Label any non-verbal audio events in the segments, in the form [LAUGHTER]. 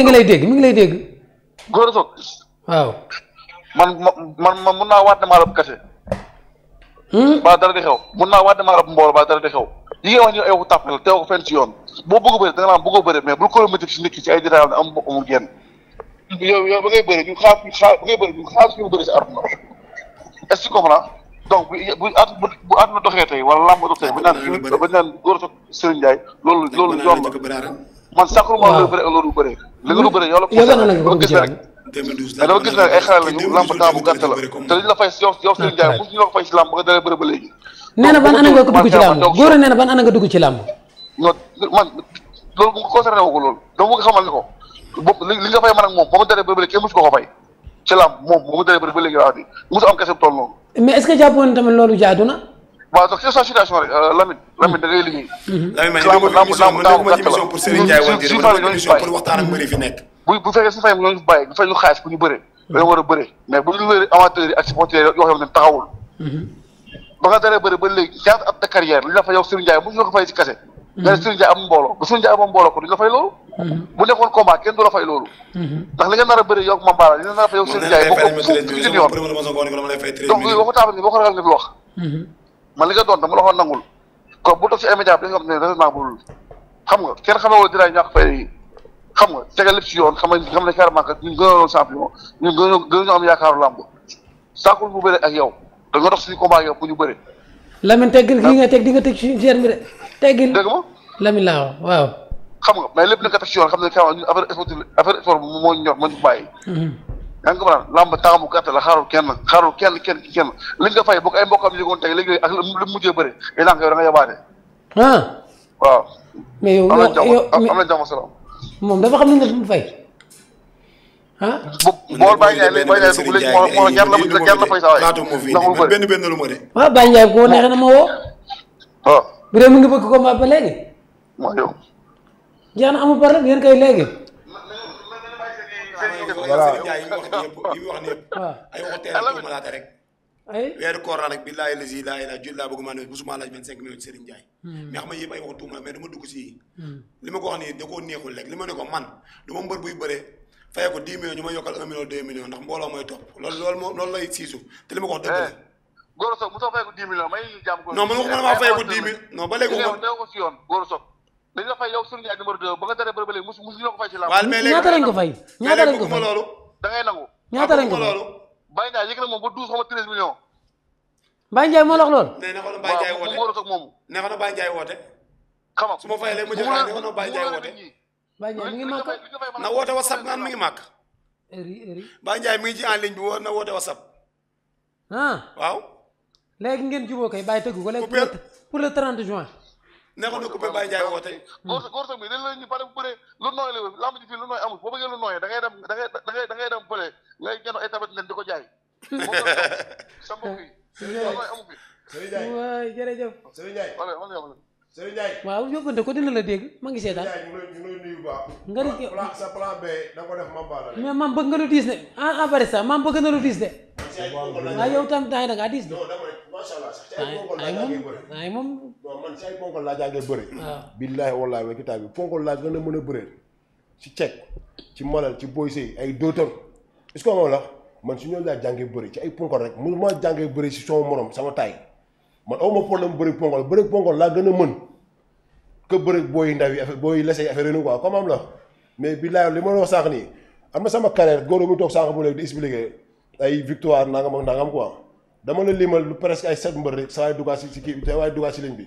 mi ngi lay dégg mi ngi lay dégg. Gora Sock. waaw. man man man mun naa waat ne maa rab kese. ba dara di xew mun naa waat ne maa rab mbooloo ba dara di nga wax ñu ay waxu tàppale ci yoon boo bëgg a bëri da nga naan bëgg a bëri mais bul ko métti ci nit ki ay détails ne am amul yow yow ba ngay bëri ñu xaar ñu xaar ba ngay bëri ñu xaar suñu bëri si àdduna est-ce que comprends donc bu bu at bu doxee tey wala làmb dox tey ba ñu naan ba loolu yoon man sàkkul ma woon bëri loolu bëri. li nga lu bëri yow la. yow lan la nga bëgg a rek. 2012 mais dama gis ne ay xale lañu lamb temps bu gàtt la te li ñu la fay si yow yow Serigne ah, Ndiaye bu ñu la ko fay si lamb nga dalee bëri ba léegi. nee na ban ana nga ko dugg ci lamb góor nee na ban ana nga dugg ci lamb. non man loolu bu concerné wu ko loolu dama bëgg xamal ni ko boobu li nga fay man ak moom ba mu dalee bëri ba léegi kenn musu ko ko fay ci lamb moom ba mu dalee bëri ba léegi laa di musu am kese bu toll noonu. mais est-ce que jàppoon tamit loolu jaadu na waaw donc ci sa situation rek Lamine Lamine da ngay liggéey. Lamine man émission pour Serigne Ndiaye wala déedéet man émission pour waxtaan ak mbëri fi nekk. bu bu fekkee suñu fayam ñoo ñu bàyyi bu fay ñu xaalis bu ñu bëree. dañoo war a bëree mais bu ñu wéree amateurs yi ak supporters yoo xam ne taxawul. ba nga daree bëri ba léegi ñaata at de carrière li la fa yow Serigne Ndiaye mënuñu ko fay ci kase. nga ne Serigne Ndiaye am mbooloo bu Serigne Ndiaye amoon mbooloo ko duñ la fay loolu. bu nekkoon combat kenn du la fay loolu. ndax li nga nar a bëri yow Mambara li nga nar a fay yow Serigne Ndiaye boo ko tuuti yoon donc waxu taabal ni boo ko ragal nga fi wax ma li nga doon dama la ko nangul ko bu toog si ay média bi nga xam nga kenn xamee woo dinaay ñàkk nga tegal si yoon xam nga xam ne carrément que ñun gënoon champion ñun gënoon gënoon am yaakaaru làmb sàkkul bu bëre ak yow da nga dox suñu combat yow bu ñu bëre. Lamine teggil fii nga teg di nga teg suñu gerte bi de. teggil dëgg ma Lamine laa waaw. xam nga mais lépp na nga teg si yoon xam ne carrément ñun affaire sport affaire sport moo ñor moo bàyyi. Mm-hmm. yaa ngi comprendre taamu gàtt la xaarul kenn xaarul kenn kenn kenn li nga fay boo ko ay mbokkam yëgoon tey léegi ak lu mujjee bëri yow da nga yabaate. ah. waaw. moom dafa xam ne daf fay. ah. bool Baye Ndiaye léegi Baye Ndiaye dugg léegi moo moo ñaar la ñaar la fay saa waay. ndax mu bëri benn benn lu ma de. waaw ah, Baye Ndiaye koo neexee na ma woo. Ah. bu dee mu ngi bëgg combat ba léegi. waaw yow. jeex na amul kay léegi. voilà yow Serigne Ndiaye yi mu wax nii yëpp yi mu wax nii yëpp. waaw ah. ay waxu a malaata rek. ay weeru koor la nag billahi la si laaj vingt cinq minutes Serigne Ndiaye hmm. mais xam yëpp ay waxu tuuma mais dama dugg si hmm. li ma ko wax nii da koo neexul rek li ma ne ko man du mbër buy bëree faye ko millions ñu yokkal un million deux millions ndax mbooloo mooy topp loolu loolu moo loolu lay siisu te li ma ko wax dëgg la eh, Gora Sock bu maa faye ko eh, millions ba léegi ko si yoon Gora da ngay nangu. ñaata lañ ko fay loolu. Baye na ma 13 millions. Baye Ndiaye moo na ko Baye Ndiaye woote waaw moo doon moomu. nee na Baye ma fayee léegi mu jël naa nee na Baye Ndiaye WhatsApp naan mi ngi eri eri. Baye Ndiaye mi ngi ci en bi woo na woote WhatsApp. ah waaw. léegi ngeen jubóo kay Baye tëgg ko léegi pour le 30 juin nekkoon na coupé Baye Ndiaye woote. góor hmm. góor soog bi dañ la ñu pare bu bëree lu nooy la lamb ji fii lu nooy amul boo bëggee lu nooy da ngay dem da ngay da ngay da ngay dem bële ngay gën ay tabat leen [LAUGHS] sa mbokk yi. Serigne Ndiaye waay jërëjëf. Serigne Ndiaye ngi seetaan. Serigne Ndiaye ñu ngi lay da ko def Mamba la. mais maam bëgg nga lu diis de en en vrai sax maam bëgg na lu diis de. waaw ah, yow tam temps yi da diis de. macha allah laa jaagee bëri ay moom non si ay ponkol laa jaagee bëri. billaahi wallaahi wa kitaabi ponkol laa gën a mën a bëree ci cek ci malal ci boy sey ay dóotam est-ce la man su ñoom laa jàngee bëri ci ay ponkol rek mu ma jàngee bëri si sama morom sama taay man aw ma problème bëri ponkol bëri ponkol laa gën a mën que bëri booy ndaw yi lese booy lesee affaire yi comme am la mais billaahi li ma la wax sànq nii am na sama carrière góor mi toog sànq bu léegi di expliquer ay victoire nangam ak nangam quoi dama la liimal lu presque ay sept mbër rek saa waay duggaat si si kii saa waay duggaat si ligne bi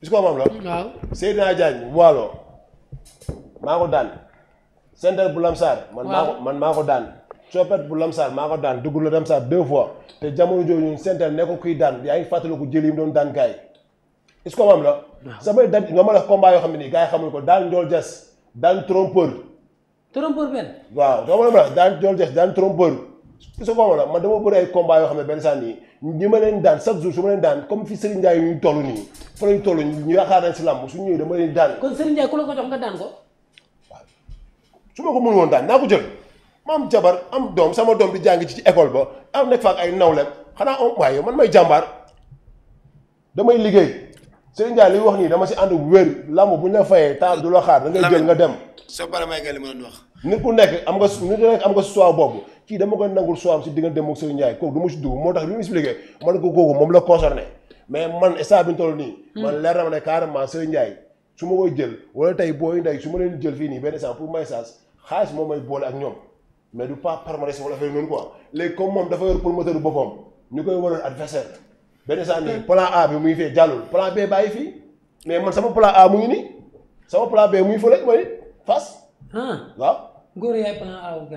bis ko maam la. waaw Seydina Diagne Waalo maa ko daan. Senter bu Lamsaar. man maa ko man maa ko daan. Coppet bu Lamsaar maa ko daan dugg la Lamsaar deux fois te jamono jooju ñun Senter nekkul kuy daan yaa ngi fàttaliku ku yi mu doon daan kaay. is ko maam la. samay daj nga ma la combat yoo xam ne nii gars yi xamul ko daan Ndiol Dias daan trompeur. trompeur benn. waaw doo ma la daan Ndiol Dias daan trompeur. su ko la man dama bëri ay combat yoo xam ne benn saa nii ñi ma leen daan chaque jour su ma leen daan comme fi Serigne Ndiaye ñu toll ñu yaakaar nañ si làmb daan. kon Serigne Ndiaye ko jox nga daan ko. ko mënul woon daan naa ko jël ma am jabar am doom sama doom di jàng ci ci école ba am nekk fa ak ay nawle xanaa on waaye man may jàmbaar damay liggéey Serigne Ndiaye li wax nii dama si ànd wér làmb bu ñu la fayee taal du la xaar da ngay jël nga dem. soo paree may nga li ma doon wax. nit ku nekk am nga nit ku nekk am nga choix boobu kii dama koy nangul soo am si diggante moom Serigne Ndiaye kooku du ma si dugg moo tax bi mu expliqué man kooku moom la concerné mais man instant bi ñu toll nii. Hmm. man leer na ma ne carrément Serigne Ndiaye su ma koy jël wala tey booy nday su ma leen jël fii nii benn instant pour may saas xaalis moom may boole ak ñoom mais du pas palmarès wala affaire noonu quoi léegi comme moom dafa yor promoteur boppam ñu koy waroon adversaire benn instant nii hmm. plan A bi mu ngi mais man sama plan A mu ngi nii sama plan B mu ngi ah. A wu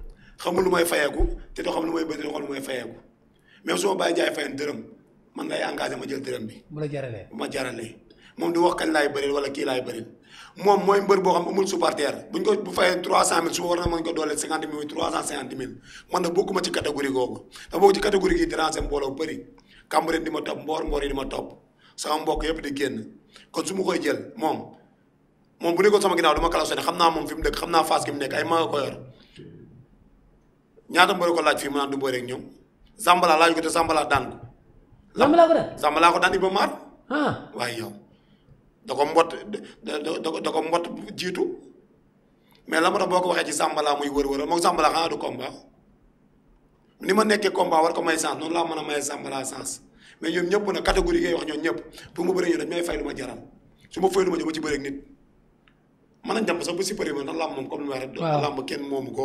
xamul lu may fayeeku te doo xam lu may bëri doo xam lu may fayeeku même su ma bàyyi jaay fayeen dërëm ma jël bi. bu la jaralee bu ma jaralee moom du wax kañ laay bëril wala kii laay bëril moom mooy mbër boo xam amul supporter bu ñu ko bu fayee trois cent mille su war na mën ko dooleel di ma topp mboor mboor yi di ma topp sama mbokk yëpp di génn kon su ma koy jël moom moom bu nekkoon sama ginnaaw du ma kalaw naa moom fi mu xam naa phase gi mu nekk ay maa ko yor ñaata mbër ko laaj fii mu naan du bëre ak sambalaa laaj ko te Zambala daan ko. daan Zambala ko daan Iba ah. waaye yow da ko mbott jiitu mais la ma tax boo ko waxee ci Zambala muy wër-wër moom Zambala xanaa du combat ni ma nekkee combat war ko may sens noonu laa mën a may Zambala sens mais ñëpp nag catégorie ngay wax ñoom ñëpp pour mu bëri ñu dañ may fay lu ma jaral su ma fay lu ma jëm ci bëri nit. mën nañ dem sax ba si përi ma ndax làmb moom comme ni ma waxee rek làmb kenn moomu ko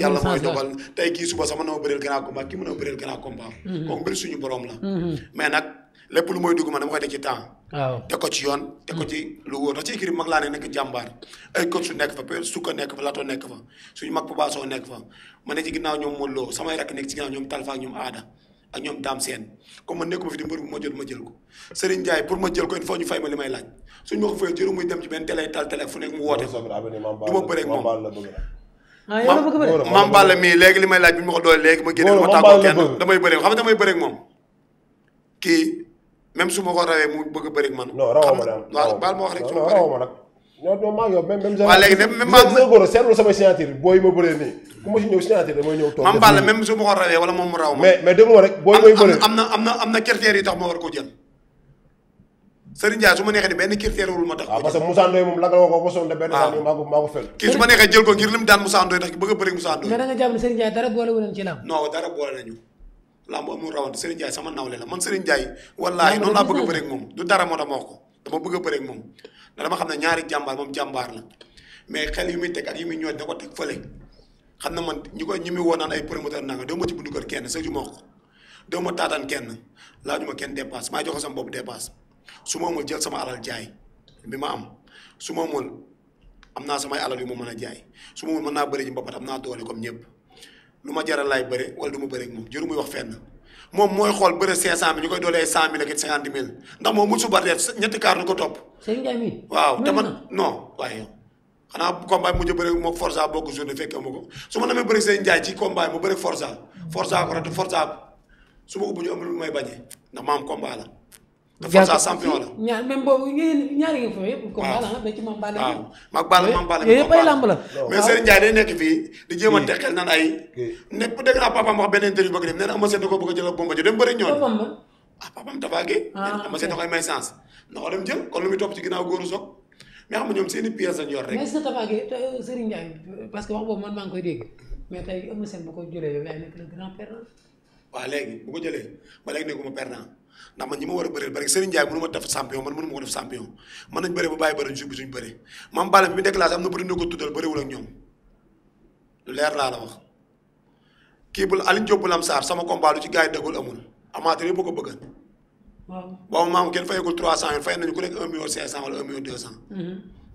yàlla mooy dogal tey kii suba sax mën na ma bëreel grand combat kii mën na ma bëreel grand mhm. suñu borom la mhm. mais nag lépp lu mooy dugg ma dama koy teg ci temps waaw ko ci yoon teg ko mhm. ci lu wóor ci écrit mag laa ne nekk jàmbaar ay coach su nekk fa peut sukka nekk fa laatoo nekk fa suñu mag Papa nekk fa ma ne ci ñoom Modou Lo samay rakk nekk ci ginnaaw ñoom Talfa ñoom aada ak ñoom daam seen comme man nekkuma fi di mbër bu ma jot ma jël ko Serigne Ndiaye pour ma jël ko il faut ñu fay ma li may laaj suñ ma ko fayee jëru muy dem ci benn télé tal télé fu nekk mu woote du ma bëre ak Balla ah, mii léegi li may laaj bi ma ko doole léegi ma génne ma tàggoo kenn damay bëre xam nga damay bëre moom kii même su ma ko rawee mu bëgg a bëre ak man xam ma wax rek su ma bëre ñoo doon maa yow même même. waaw léegi même même maa sama signature booy ma bëree nii ku ma si ñëw signature damay ñëw. toog Mame Balla même su ma ko rawee wala moom mu ma. mais mais tax ma war a bëri Moussa Ndoye. mais da nga jàpp rawante Serigne Ndiaye sama nawle la man Serigne Ndiaye. wallaahi noonu laa bëgg a bëri ak moom du dara moo tax ko dama bëgg a bëreeg moom ndax dama xam ne ñaari jàmbaar moom jàmbaar la mais xel yu muy teg ak yu muy ñooy da ko teg fële xam na man ñu koy ñi muy woon naan ay promoteur nanga doo ma ci bundu kër kenn sa ju ma ko doo ma taataan kenn laajuma kenn dépasse maa joxe sama bopp dépasse su ma mën jël sama alal jaay bi ma am su ma mën am naa samay alal yu ma mën a jaay su ma mën naa bëri ji mbapat am naa doole comme ñëpp lu ma jaral laay bëre wala lu ma bëre moom jëru muy wax fenn moom mooy xool bëre 500 bi ñu koy doolee 100 mille ak 50 mille ndax moom musu ba dee ñetti kaar du ko topp. sëñ Ndiaye mi waaw te man non waaye xanaa combat mujj bëre moom Forza bokk journée fekke ma ko su ma demee bëre sëñ Ndiaye ci combat mu bëre Forza Forza ko rate Forza su ma ubbi ñu am lu may bañee ndax maam am la. Forza champion la ñaar même boobu ñaari nga foofu yëpp. waaw comme ci ah. Mame Balla. waaw ah. mag Balla Mame ay lamb la. naa papaam wax benn interview bëgg dem ko jël ko dem jël kon lu muy topp ci ginnaaw góoru soog mais xam nga ñoom seen i pièces rek. mais est-ce ko jëlee yow yaay nekk le grand ndax man ñi ma war a bëreel bëri Serigne Ndiaye mënu ma def champion man mënu ma ko def champion mën nañ bëri ba bàyyi bëri suñu suñu bi mu déclassé am na bëri ñu ko tuddal bëriwul ak ñoom lu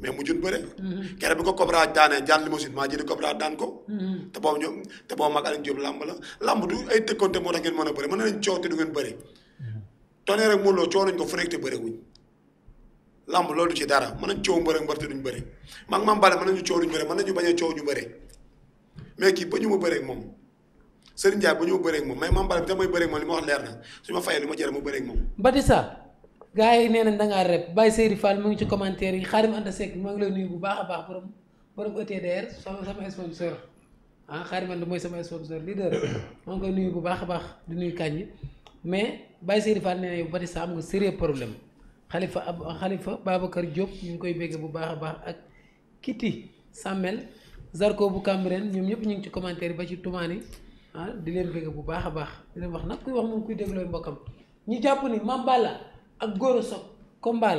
mm-hmm. mm-hmm. daanee jaan limousine maa jëli Cobra daan ko. Mm-hmm. te boobu ñoom te boobu mag Aliou Diop lamb la lamb du ay tëkkonte moo tax ngeen a bëre mën nañu coow te du ngeen bëre. Tonnerre ak Modou Lo coow nañ ko fu nekk te bëre wuñ lamb loolu du ci dara mën nañ coow mbëre ak mbër te duñ bëre maa ngi maam Balla mën nañu coow duñ bëre mën nañu bañ a coow ñu bëre mais kii ba ñu ma bëre ak moom Serigne Ndiaye ba ñu ma bëre ak moom mais maam Balla bi tam may bëre ak moom li ma wax leer na su ma fayee li ma jëre ma bëre ak moom Batista gars yi nee nañ da ngaa rep Baye Seydi Fall mu ngi ci commentaire yi Xaadim Anta Seck maa ngi lay nuyu bu baax a baax borom borom ETDR sama sama sponsor ah Xaadim Anta mooy sama sponsor leader maa ngi koy nuyu bu baax a baax di nuyu kañ mais Baye Seydi Fall nee nañu Batista am nga sérieux problème xalifa ab xalifa Babacar Diop ñu ngi koy bégge bu baax a baax ak Kiti Sàmmel Zarko bu Cambérène ñoom ñëpp ñu ngi ci commentaire ba ci tumaani ah di leen bégge bu baax a baax di leen wax nag kuy wax moom kuy déglooy mbokkam ñu jàpp ni Mame Balla ak Gora Sock combat la